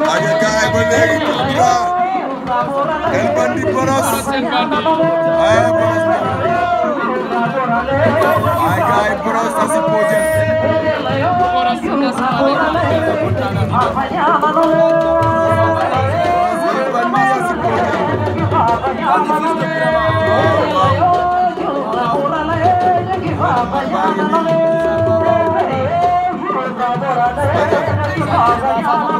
आगे काय बने पूरा एलबंडी परस आया परस आय काय परस परस एलबंडी असि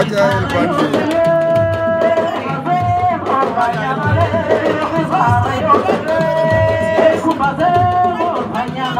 Okay,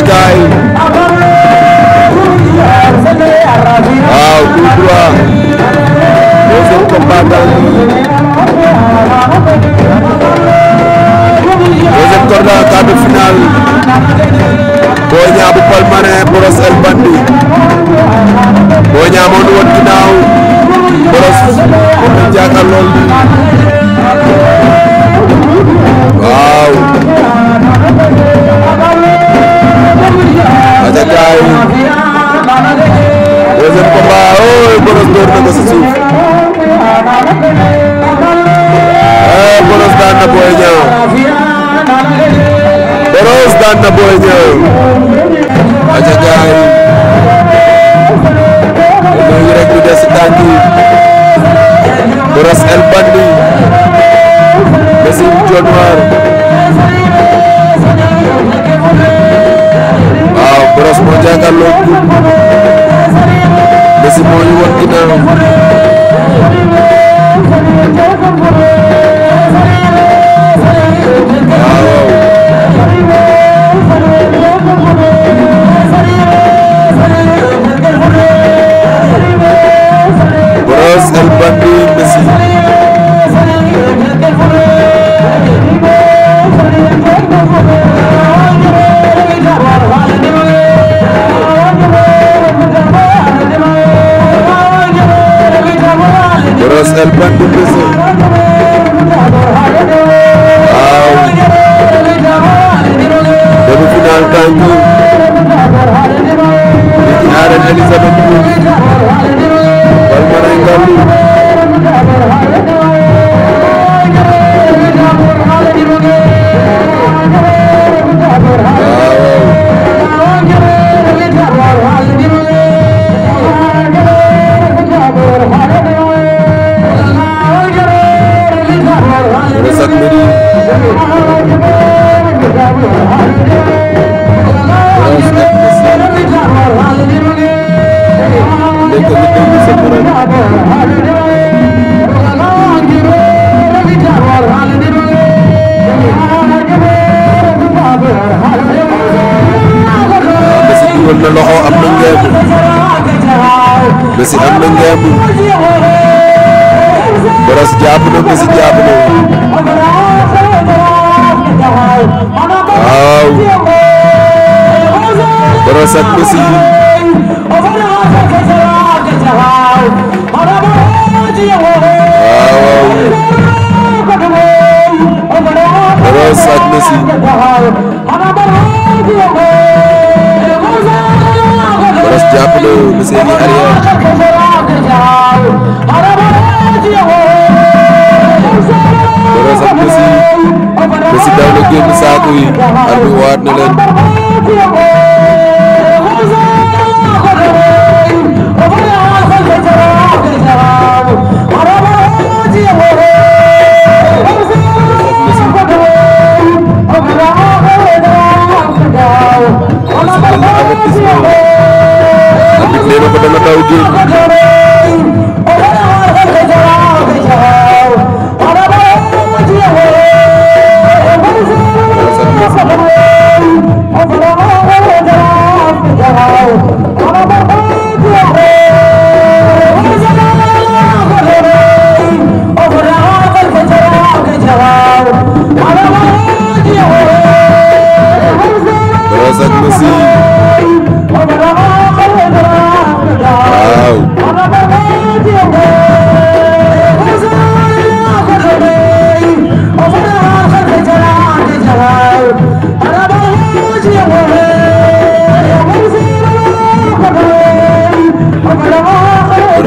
the guy deuxième combat ooy oh, Brosse door na ko si suuf ooy eh, Brosse daan na Boy Niang Brosse daan na Boy Niang aca gaay léegi rek ñu des si tànk yi Brosse El Bandit Messi John War jàkkaarloo guub Messi moo ñu woon ginnaaw waaw Brosse El Bandit am na loxo am na ngeem. Messi am na ngeem. Brosse jàpp na Messi jàpp na. waaw. Brosse ak jàppale wu seen i arrière sax ba si ba si daw la génn saako yi ànd waat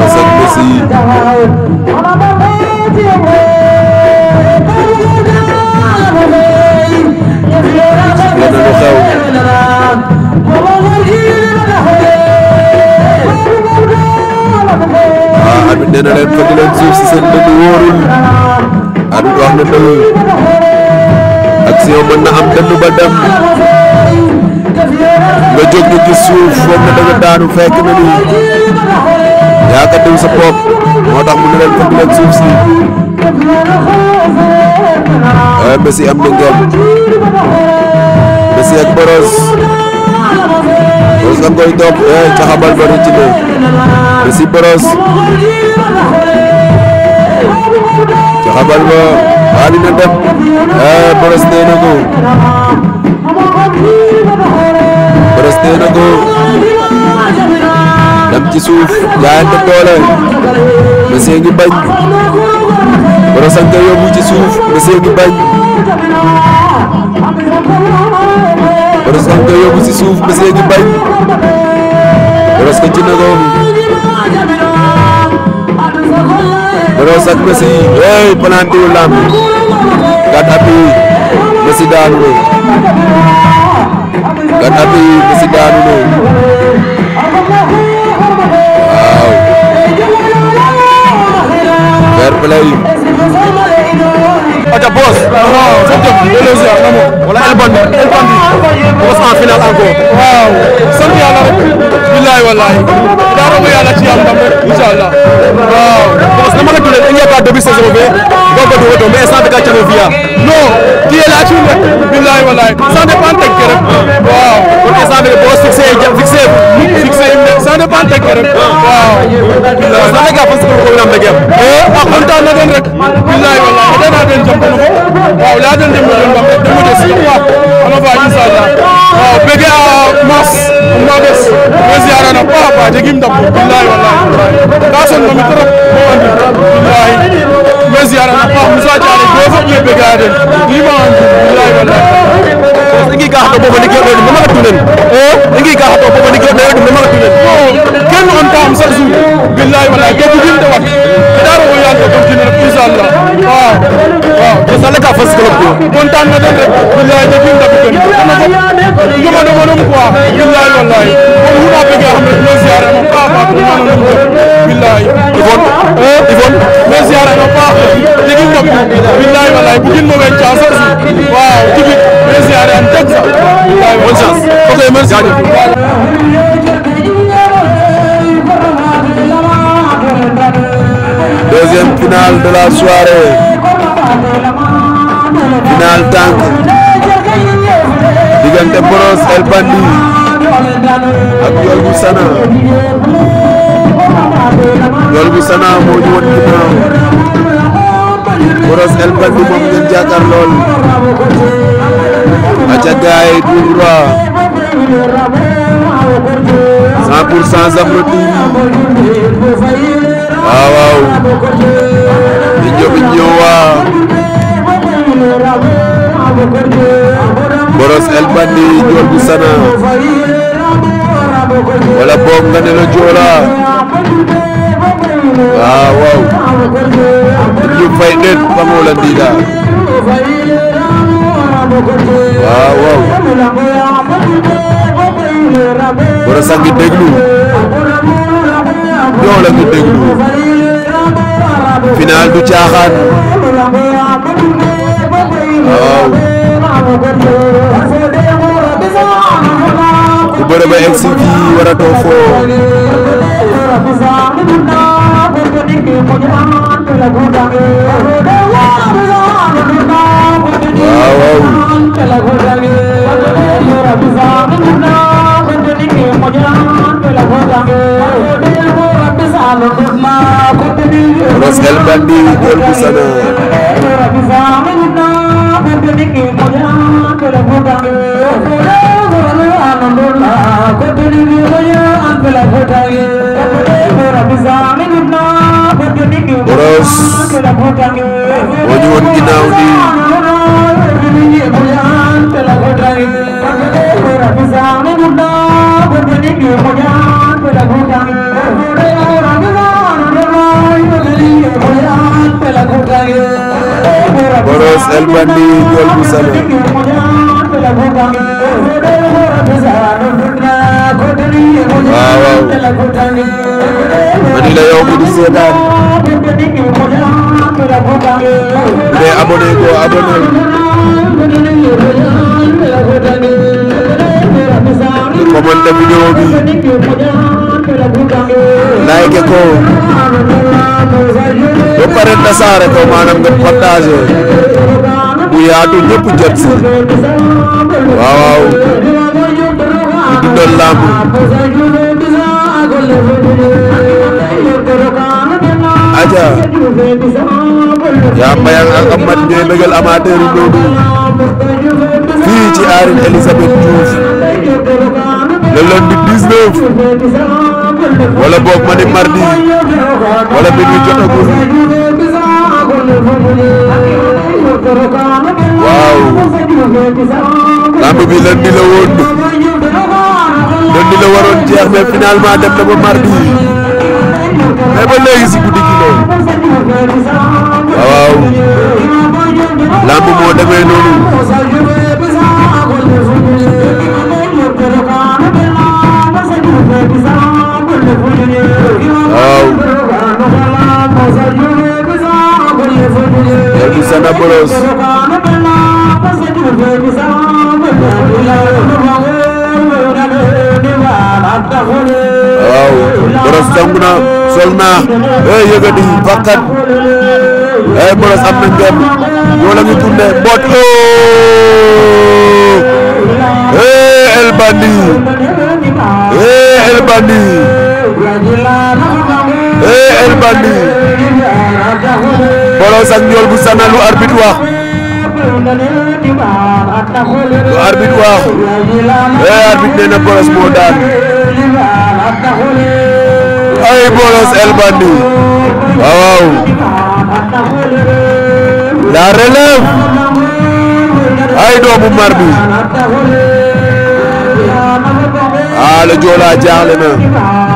Thione Seck aussi lenn lu xew waaw arbitre nee na leen fëgg leen suuf si seen dënn wóorul arbitre wax na dëgg action mën na am dënn ba dem nga jóg ñu gis suuf foog na danga daanu fekk na ni yaa ka diw sa bopp moo tax mu ne leen fëgg leen suuf si eh, am na ngeen Messi ak Boros Boros nga koy topp eh, ca xabal ba rëcc na Messi Boros ca xabal ba waa dina dem eh, Boros nee na ci suuf jaayante doole Messi ngi bañ Rosanka yóbbu ci suuf ci suuf Messi ngi bañ Rosanka ci na ko Rosanka Messi hey planté wu lamb gàtt at yi Messi daanu na gàtt at yi Messi daanu fair play Aca boss waaw sa job delloosi ak na moom wala El Bandi El Bandi boss en finale encore waaw sant yàlla rek billaay wallaay daa roog yàlla ci yàlla ndam rek incha allah waaw boss na ma la tuddee il y a pas début saison bi boobu du woto mais sant ka cano fiya non tu es là ci rek billaay wallaay ça dépend teg rek waaw parce que ça veut dire boo fixé fixé fixé sant ak gërëm. waaw. sant ak gërëm parce que ko am da ngeen. waaw kontaan na leen rek. billahi wallahi da na den jëm ko. waaw laa den dem leen wax rek dama des yow waaw. ama ba insha Allah. waaw bëgg a mas ma des. ma ziara na paa paa jegim ndam billahi wallahi. daa sonn ma mi trop moo andi. billahi ma ziara na paa Moussa Diané boo foog ñu bëgg a den. lii ma andi billahi wallahi. parce que ki ka ko bo ni ke do ni ma ko tunen. engin eh, ka hato ko woni goɗɗo rek no mala tulen ken on kam chaque jour billahi wallahi ko jinde wat daro o yanto continue inchallah waaw waaw to sala ka fas club ko content na den rek billahi de bim dabu ken kono ko joma do monum quoi wallahi on huma be ga hamne no ziara mo pa pa ko non non billahi ivon ivon no ziara mo pa de gim dabu billahi wallahi bugin mo ben chance waaw tibit no ziara en tag sa billahi merci deuxième de la soirée finale tànk diggante Brosse El Bandit ak Ndiol bu Sana Ndiol bu Sana moo ñu woon ginnaaw El Bandit moom ngeen jàkkaar lool aca gaay cent pour cent Zambro TV waaw waaw Bignona Bignona bu Sana wala boog nga ne la Joola waaw waaw ñu fay net pamoo la ndiida waaw waaw Borossak gi déglu Ndiol a ngi déglu final du caaxaan waaw ku bëre ba egg si fii waratoo foo waaw waaw. Ros Galbandi gol bu sana. Boros Wajuan ginaaw di Rabbi Bross El Bandit Ndiol bu Saly waaw waaw mani la yow mi di seetaan bu dee abonné ko abonné commenté vidéo bi like ko ba pare tasaare ko maanaam nga partagé bu yaatu ñëpp jot si waaw di dundal làmb aja yaa mbayang ak amat ñooy bëggal amateur yi noonu fii ci arène Elisabeth Diouf le lundi 19 wala boog ma ni mardi wala bi ñu jotagul waaw lamb bi lundi la woon lundi la waroon jeex mais finalement dem na ba mardi mais ba léegi si guddi gi loolu waaw lamb moo demee noonu. la bolos waaw boros jàng na sol na eh yëgadi fakkat eh la ñu tourné mboot oo eh El Bandi eh El Bandi eh Mbolo Sak Ndiol bu Sana lu arbitre wax eh, la relève ay doomu mar bi ah le Joola jaaxle na.